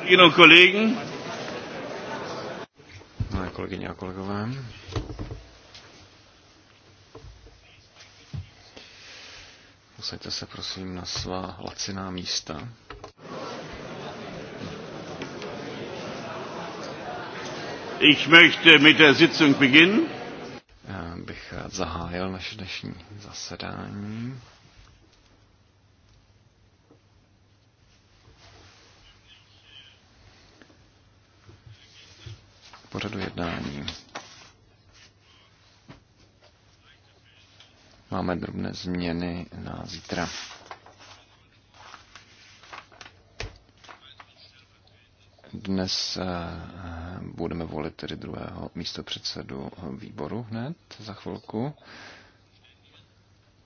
Kolleginnen und Kollegen. Milé kolegyně a kolegové. Posaďte se prosím na svá laciná místa. Ich möchte mit der Sitzung beginnen. Já bych zahájil naše dnešní zasedání. pořadu jednání. Máme drobné změny na zítra. Dnes eh, budeme volit tedy druhého místo předsedu výboru hned za chvilku.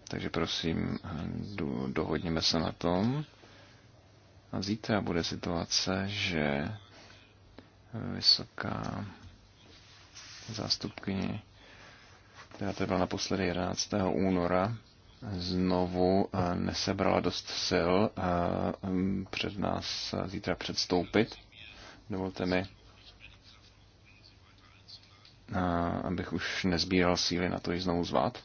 Takže prosím, dohodněme se na tom. A zítra bude situace, že vysoká zástupkyni, která to byla naposledy 11. února, znovu eh, nesebrala dost sil eh, před nás eh, zítra předstoupit. Dovolte mi, abych už nezbíral síly na to ji znovu zvát.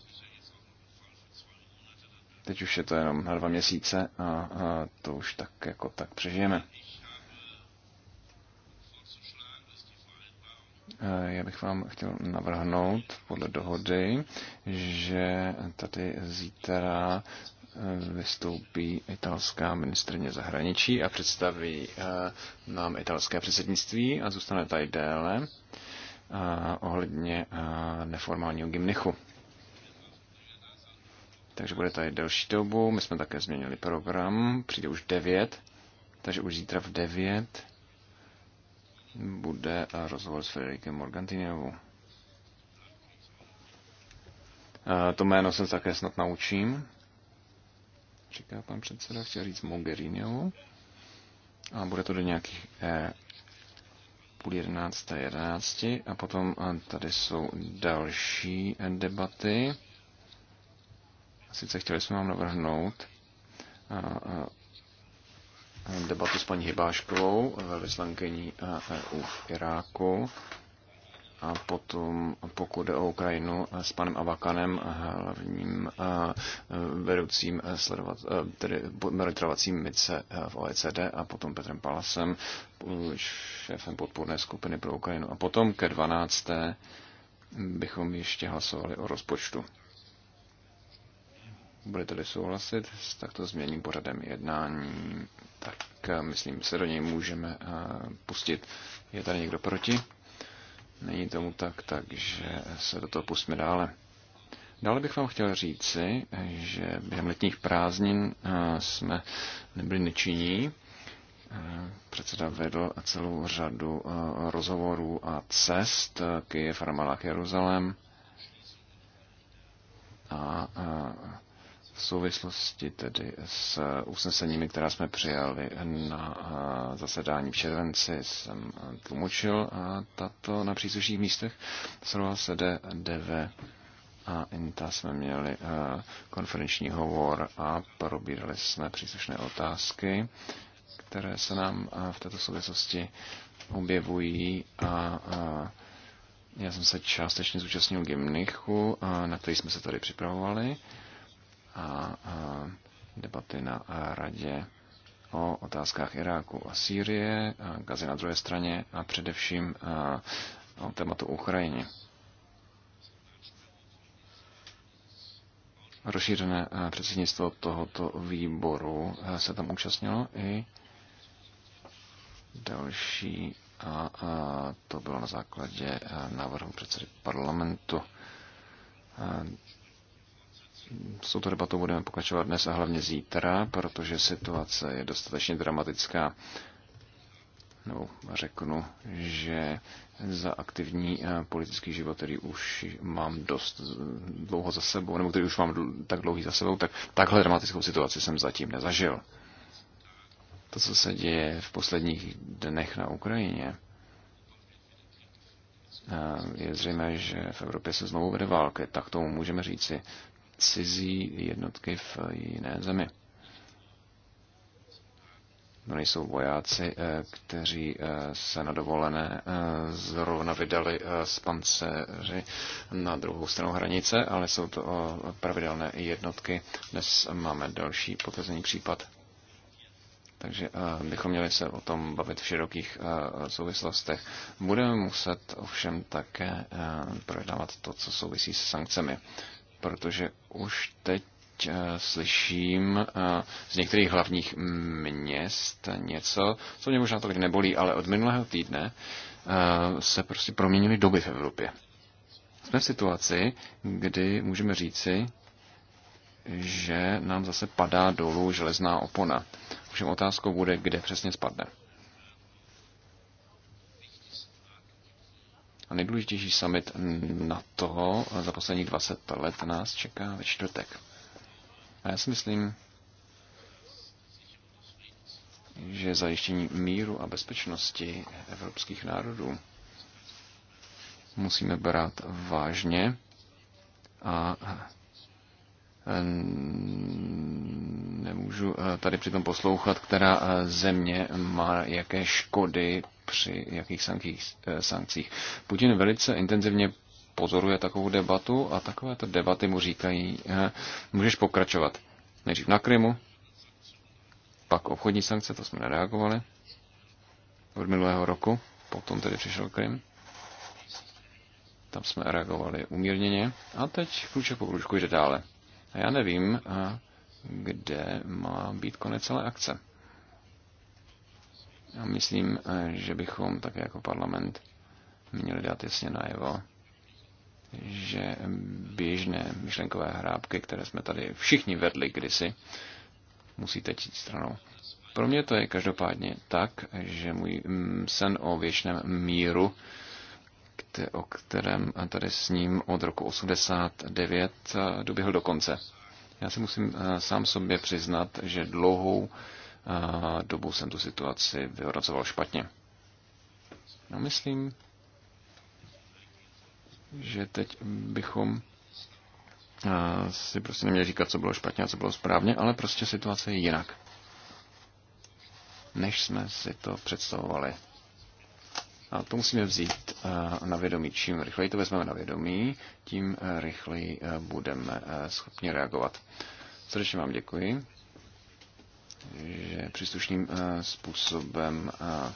Teď už je to jenom na dva měsíce a to už tak jako tak přežijeme. Eh, já bych vám chtěl navrhnout podle dohody, že tady zítra eh, vystoupí italská ministrně zahraničí a představí eh, nám italské předsednictví a zůstane tady déle ohledně neformálního gymnichu. Takže bude tady delší dobu, my jsme také změnili program, přijde už 9, takže už zítra v 9 bude rozhovor s Federikem Morgantinovou. To jméno se také snad naučím, říká pan předseda, chtěl říct Mogherinovou. A bude to do nějakých eh, půl jedenácté, jedenácti. A potom eh, tady jsou další eh, debaty. Sice chtěli jsme vám navrhnout a, eh, a, debatu s paní Hybáškovou, eh, vyslankyní EU eh, e v Iráku. A potom, pokud jde o Ukrajinu, eh, s panem Avakanem, hlavním vedoucím sledovat, tedy monitorovacím mice v OECD a potom Petrem Palasem, šéfem podpůrné skupiny pro Ukrajinu. A potom ke 12. bychom ještě hlasovali o rozpočtu budete-li souhlasit s takto změním pořadem jednání, tak eh, myslím se do něj můžeme eh, pustit. Je tady někdo proti? Není tomu tak, takže se do toho pustíme dále. Dále bych vám chtěl říci, že během letních prázdnin eh, jsme nebyli nečinní. Předseda vedl celou řadu rozhovorů a cest Kyjev, Ramallah, Jeruzalém. A, a v souvislosti tedy s usneseními, která jsme přijali na zasedání v červenci, jsem tlumočil a tato na příslušných místech. Srovnal se DV a INTA jsme měli konferenční hovor a probírali jsme příslušné otázky, které se nám v této souvislosti objevují a já jsem se částečně zúčastnil gymnichu, na který jsme se tady připravovali a debaty na radě o otázkách Iráku a Sýrie, Gazy na druhé straně a především o tématu Ukrajiny. Rozšířené předsednictvo tohoto výboru se tam účastnilo i další a, a to bylo na základě návrhu předsedy parlamentu. S touto debatou budeme pokračovat dnes a hlavně zítra, protože situace je dostatečně dramatická. Nebo řeknu, že za aktivní eh, politický život, který už mám dost dlouho za sebou, nebo který už mám tak dlouhý za sebou, tak takhle dramatickou situaci jsem zatím nezažil. To, co se děje v posledních dnech na Ukrajině, eh, je zřejmé, že v Evropě se znovu vede války, tak tomu můžeme říci cizí jednotky v jiné zemi. To no, nejsou vojáci, eh, kteří eh, se na dovolené eh, zrovna vydali z panceři na druhou stranu hranice, ale jsou to pravidelné jednotky. Dnes máme další potvrzený případ. Takže bychom měli se o tom bavit v širokých souvislostech. Budeme muset ovšem také projednávat to, co souvisí se sankcemi protože už teď eh, slyším eh, z některých hlavních měst něco, co mě možná tolik nebolí, ale od minulého týdne eh, se prostě proměnily doby v Evropě. Jsme v situaci, kdy můžeme říci, že nám zase padá dolů železná opona. Ovšem otázkou bude, kde přesně spadne. A nejdůležitější summit na to za posledních 20 let nás čeká ve čtvrtek. A já si myslím, že zajištění míru a bezpečnosti evropských národů musíme brát vážně a nemůžu tady přitom poslouchat, která země má jaké škody při jakých sankcích, eh, sankcích. Putin velice intenzivně pozoruje takovou debatu a takovéto debaty mu říkají, eh, můžeš pokračovat. Nejdřív na Krymu, pak obchodní sankce, to jsme nereagovali od minulého roku, potom tedy přišel Krym. Tam jsme reagovali umírněně a teď kruček po kručku jde dále. A já nevím, eh, kde má být konec celé akce. Myslím, eh, že bychom také jako parlament měli dát jasně najevo, že běžné myšlenkové hrábky, které jsme tady všichni vedli kdysi, musíte jít stranou. Pro mě to je každopádně tak, že můj mm, sen o věčném míru, o kterém tady s ním od roku 89 eh, doběhl do konce. Já si musím eh, sám sobě přiznat, že dlouhou dobu jsem tu situaci vyhodnocoval špatně. No myslím, že teď bychom si prostě neměli říkat, co bylo špatně a co bylo správně, ale prostě situace je jinak, než jsme si to představovali. A to musíme vzít na vědomí. Čím rychleji to vezmeme na vědomí, tím rychleji budeme schopni reagovat. Srdečně vám děkuji že příslušným eh, způsobem eh,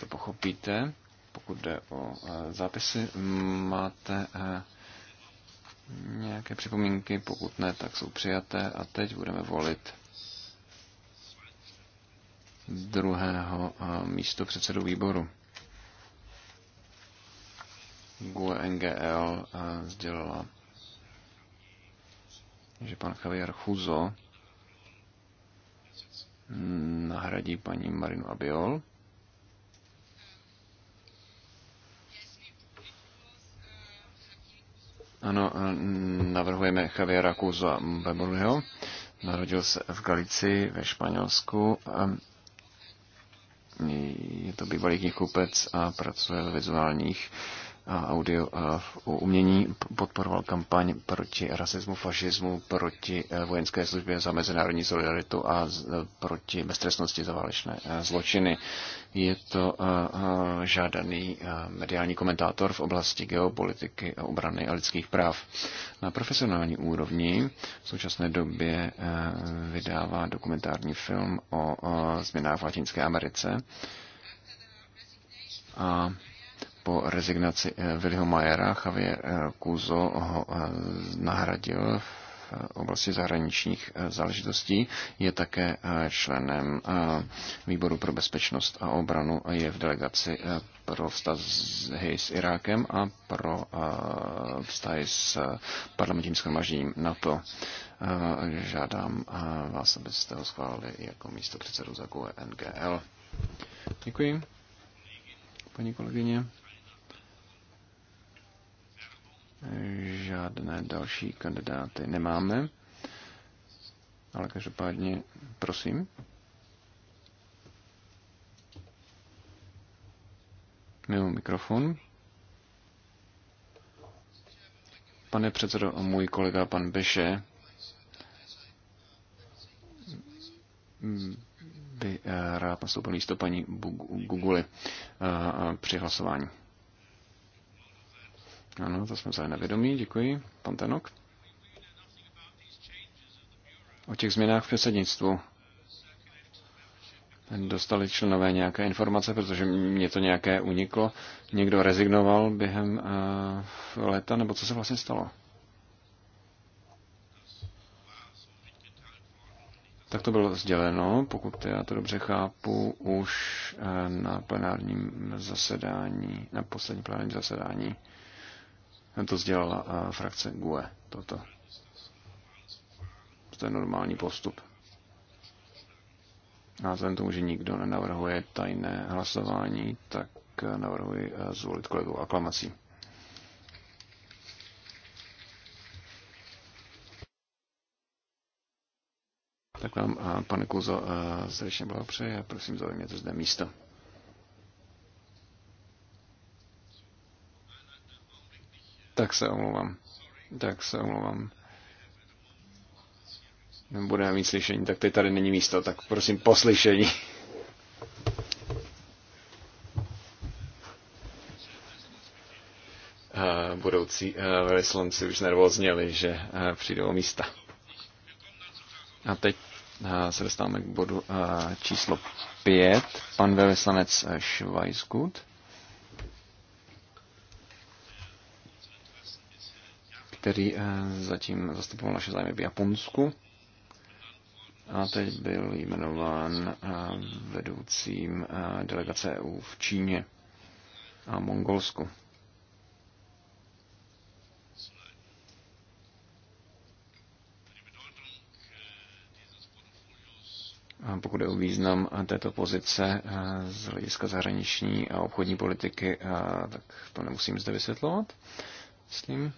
to pochopíte. Pokud jde o eh, zápisy, máte nějaké připomínky, pokud ne, tak jsou přijaté a teď budeme volit druhého místo předsedu výboru. GUE NGL sdělila, že pan Javier Chuzo nahradí paní Marinu Abiol. Ano, navrhujeme Javiera Kuzo Beburgeho. Narodil se v Galicii ve Španělsku. Je to bývalý knihkupec a pracuje ve vizuálních a audio a umění podporoval kampaň proti rasismu, fašismu, proti eh, vojenské službě za mezinárodní solidaritu a eh, proti beztrestnosti za válečné eh, zločiny. Je to žádaný mediální komentátor v oblasti geopolitiky, obrany a lidských práv. Na profesionální úrovni v současné době vydává dokumentární film o změnách v Latinské Americe. A po rezignaci Viliho eh, Majera Javier eh, Kuzo ho eh, nahradil v oblasti zahraničních záležitostí. Je také členem výboru pro bezpečnost a obranu a je v delegaci pro vztahy s Irákem a pro vztahy s parlamentním schromažděním NATO. Žádám vás, abyste ho schválili jako místo předsedu za NGL. Děkuji, paní kolegyně. Žádné další kandidáty nemáme, ale každopádně prosím. Mimo mikrofon. Pane předsedo, můj kolega pan Beše by eh, rád nastoupil místo paní Google eh, eh, při hlasování. Ano, to jsme vzali na vědomí, děkuji. Pan Tenok? O těch změnách v předsednictvu. Dostali členové nějaké informace, protože mě to nějaké uniklo. Někdo rezignoval během uh, léta, nebo co se vlastně stalo? Tak to bylo sděleno, pokud já to dobře chápu, už eh, na plenárním zasedání, na poslední plenárním zasedání. To sdělala eh, frakce GUE, toto. To je normální postup. A vzhledem tomu, že nikdo nenavrhuje tajné hlasování, tak eh, navrhuji eh, zvolit kolegu aklamací. Tak vám, pane Kuzo, srdečně blahopřeji a prosím, zaujměte zde místo. Tak se omlouvám. Tak se omlouvám. Nebudeme mít slyšení, tak teď tady není místo, tak prosím poslyšení. Eh, budoucí eh, velvyslanci už nervózněli, že eh, přijdou místa. A teď se dostáváme k bodu číslo 5. Pan velvyslanec Schweizgut. který eh, zatím zastupoval naše zájmy v Japonsku. A teď byl jmenován eh, vedoucím eh, delegace EU v Číně a Mongolsku. pokud je o význam této pozice z hlediska zahraniční a obchodní politiky, tak to nemusím zde vysvětlovat, myslím.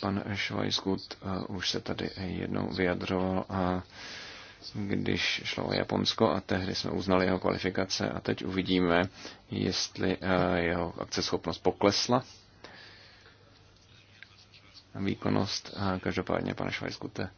Pan Švajskut eh, už se tady jednou vyjadřoval a eh, když šlo o Japonsko a tehdy jsme uznali jeho kvalifikace a teď uvidíme, jestli eh, jeho akceschopnost poklesla. Výkonnost, každopádně pane Švajskute,